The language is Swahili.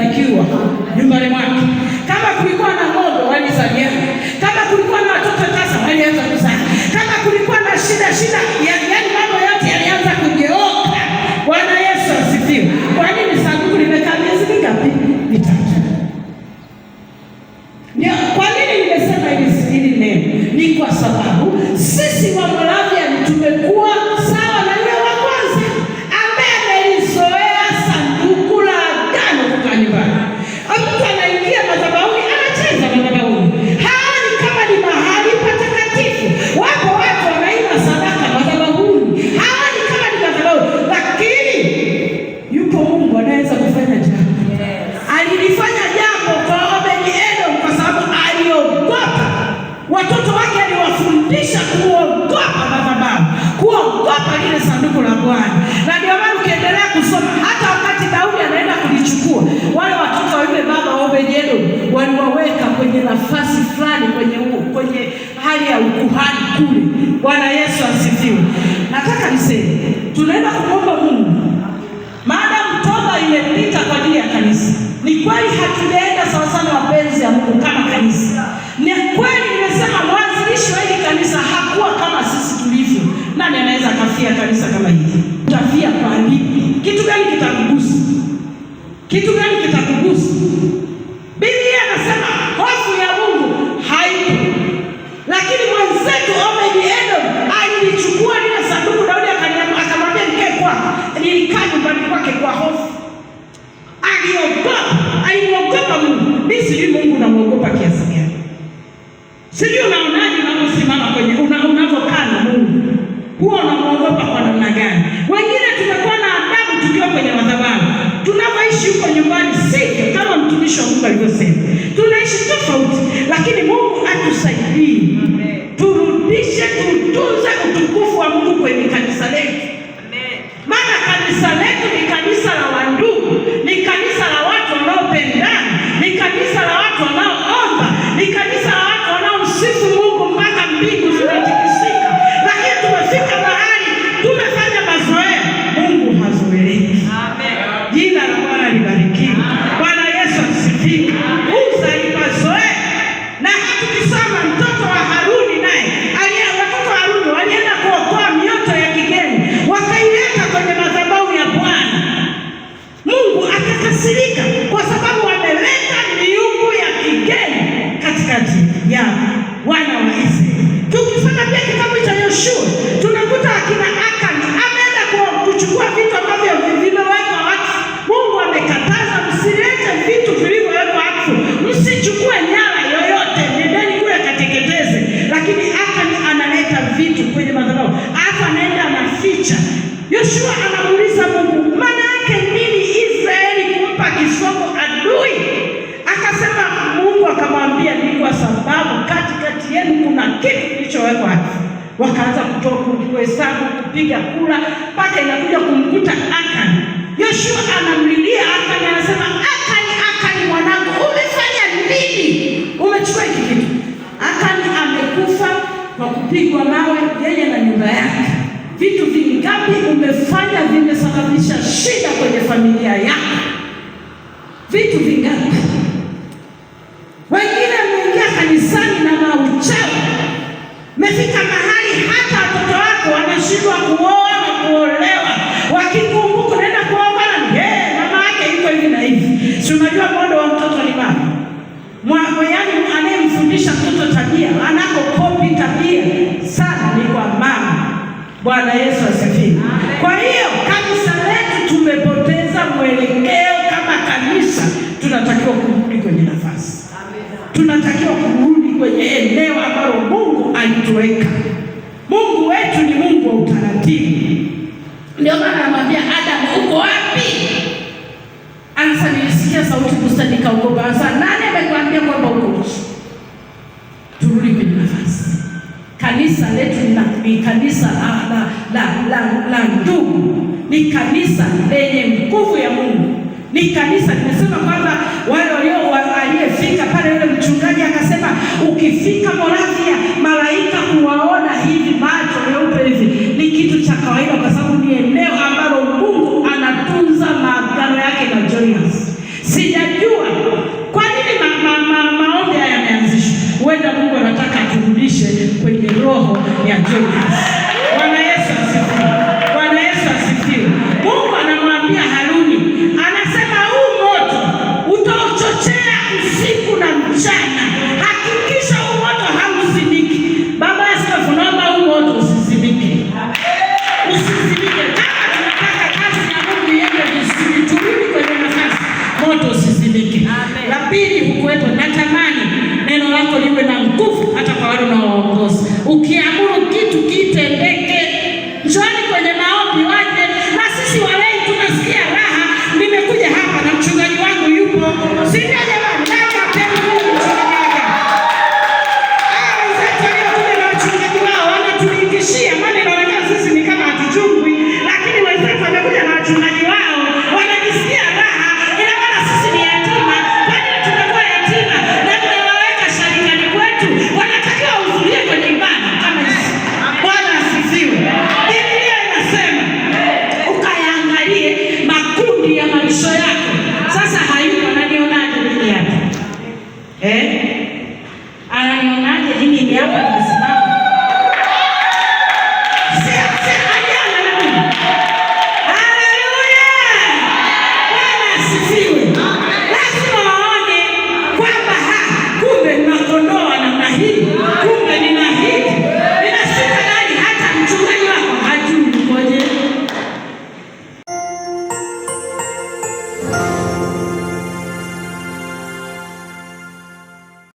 you. watoto wake aliwafundisha kuogopa madhabahu, kuogopa lile sanduku la Bwana. Na ndio maana ukiendelea kusoma hata wakati Daudi anaenda kulichukua, wale watoto wa yule baba wa waliwaweka kwenye nafasi fulani, kwenye kwenye hali ya ukuhani kule. Bwana Yesu asifiwe. Nataka niseme tunaenda kumwomba Mungu maadamu toba imepita kwa ajili ya kanisa. Ni kweli hatujaenda sawasawa, mapenzi ya Mungu, kama kanisa ni kweli Nani anaweza kafia kanisa kama hili? Utafia kwa nini? Kitu gani kitakugusa? Kitu gani kitakugusa? Biblia anasema hofu ya Mungu haipo, lakini mwenzetu Obed Edom alichukua lile sanduku, Daudi akaniambia akamwambia nikae kwako, nilikaa nyumbani kwake kwa hofu. Aliogopa, alimwogopa Mungu. Mi sijui Mungu namwogopa kiasi gani, sijui gani? Wengine tumekuwa na adabu tukiwa kwenye madhabahu, tunavyoishi huko nyumbani sivyo kama mtumishi wa Mungu alivyosema, tunaishi tofauti, lakini Mungu atusaidie ya wana wa Israeli. Tukisoma pia kitabu cha Yoshua tunakuta akina Akan ameenda kuchukua vitu ambavyo vilivyowekwa wakfu. Mungu amekataza msilete vitu vilivyowekwa wakfu, msichukue nyara yoyote, nendeni kule kateketeze. Lakini Akan analeta vitu kwenye madhabahu, alafu anaenda anaficha. Yoshua anamuuliza wakaanza kutoa kuhesabu, kupiga kura mpaka inakuja kumkuta Akan. Yoshua anamlilia Bwana Yesu asifiwe. Kwa hiyo kanisa letu tumepoteza mwelekeo. Kama kanisa, tunatakiwa kurudi kwenye nafasi, tunatakiwa kurudi kwenye eneo ambalo Mungu alituweka. Mungu wetu ni Mungu wa utaratibu, ndio maana anamwambia Adamu, uko wapi? Anasa, nilisikia sauti kusa, nikaogopa. Sasa nani amekwambia kwamba uko? Turudi kwenye nafasi. Kanisa letu ni kanisa la, la, la, la, la ndugu, ni kanisa lenye nguvu ya Mungu, ni kanisa nimesema kwamba wale walio aliyefika pale, yule mchungaji akasema ukifika Morathi